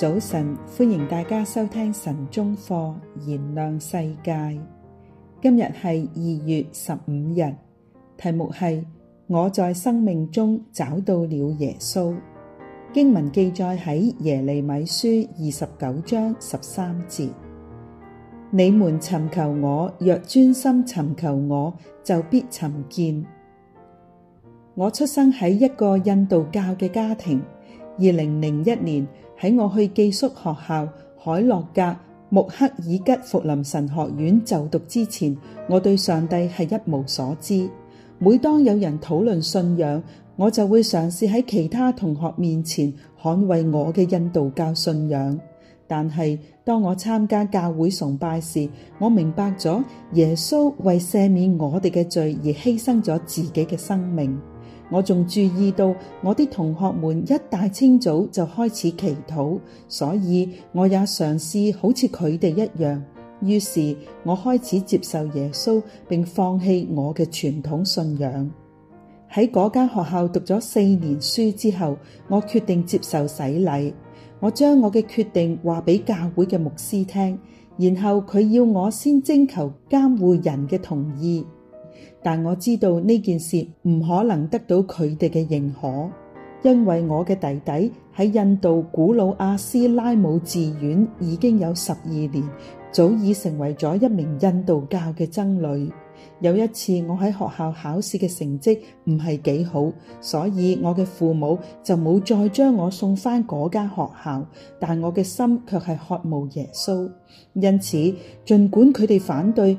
早晨，歡迎大家收聽晨鐘課，燃亮世界。今日係二月十五日，題目係我在生命中找到了耶穌。經文記載喺耶利米書二十九章十三節：你們尋求我，若專心尋求我，就必尋見。我出生喺一個印度教嘅家庭，二零零一年。喺我去寄宿學校海洛格穆克爾吉福林神學院就讀之前，我對上帝係一無所知。每當有人討論信仰，我就會嘗試喺其他同學面前捍衛我嘅印度教信仰。但係當我參加教會崇拜時，我明白咗耶穌為赦免我哋嘅罪而犧牲咗自己嘅生命。我仲注意到我啲同學們一大清早就開始祈禱，所以我也嘗試好似佢哋一樣。於是，我開始接受耶穌，並放棄我嘅傳統信仰。喺嗰間學校讀咗四年書之後，我決定接受洗禮。我將我嘅決定話俾教會嘅牧師聽，然後佢要我先徵求監護人嘅同意。但我知道呢件事唔可能得到佢哋嘅認可，因為我嘅弟弟喺印度古老阿斯拉姆寺院已經有十二年，早已成為咗一名印度教嘅僧侶。有一次我喺學校考試嘅成績唔係幾好，所以我嘅父母就冇再將我送翻嗰間學校，但我嘅心卻係渴慕耶穌。因此，盡管佢哋反對。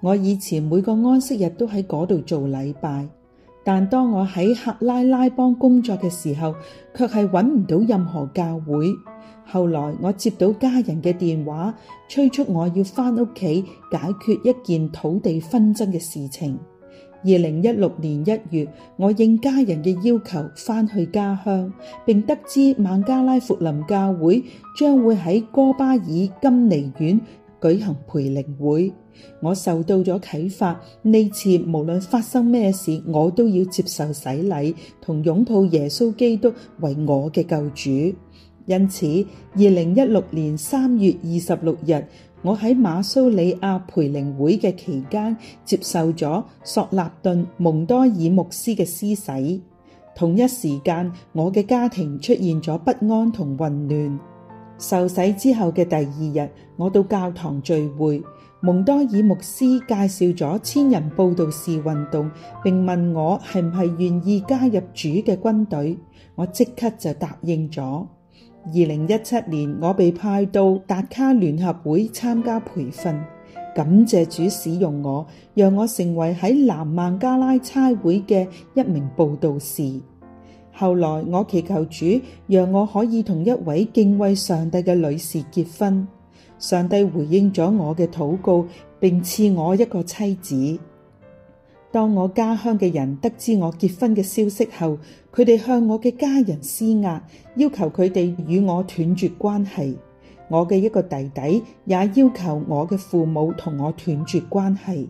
我以前每個安息日都喺嗰度做禮拜，但當我喺克拉拉邦工作嘅時候，卻係揾唔到任何教會。後來我接到家人嘅電話，催促我要翻屋企解決一件土地紛爭嘅事情。二零一六年一月，我應家人嘅要求翻去家鄉，並得知孟加拉福林教會將會喺哥巴爾金尼縣舉行培靈會，我受到咗啟發。呢次無論發生咩事，我都要接受洗禮，同擁抱耶穌基督為我嘅救主。因此，二零一六年三月二十六日，我喺馬蘇里亞培靈會嘅期間接受咗索納頓蒙多爾牧師嘅施洗。同一時間，我嘅家庭出現咗不安同混亂。受洗之後嘅第二日，我到教堂聚會，蒙多爾牧師介紹咗千人布道士運動，並問我係唔係願意加入主嘅軍隊，我即刻就答應咗。二零一七年，我被派到達卡聯合會參加培訓，感謝主使用我，讓我成為喺南孟加拉差會嘅一名布道士。後來我祈求主，讓我可以同一位敬畏上帝嘅女士結婚。上帝回應咗我嘅禱告，並賜我一個妻子。當我家鄉嘅人得知我結婚嘅消息後，佢哋向我嘅家人施壓，要求佢哋與我斷絕關係。我嘅一個弟弟也要求我嘅父母同我斷絕關係。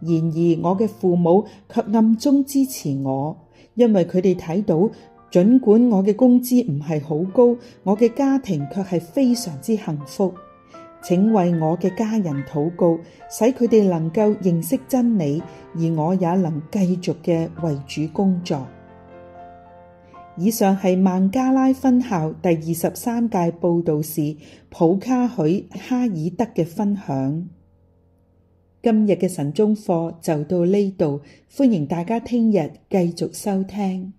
然而我嘅父母卻暗中支持我。，因為佢哋睇到，儘管我嘅工資唔係好高，我嘅家庭卻係非常之幸福。請為我嘅家人禱告，使佢哋能夠認識真理，而我也能繼續嘅為主工作。以上係孟加拉分校第二十三屆佈道士普卡許哈爾德嘅分享。今日嘅晨鐘課就到呢度，歡迎大家聽日繼續收聽。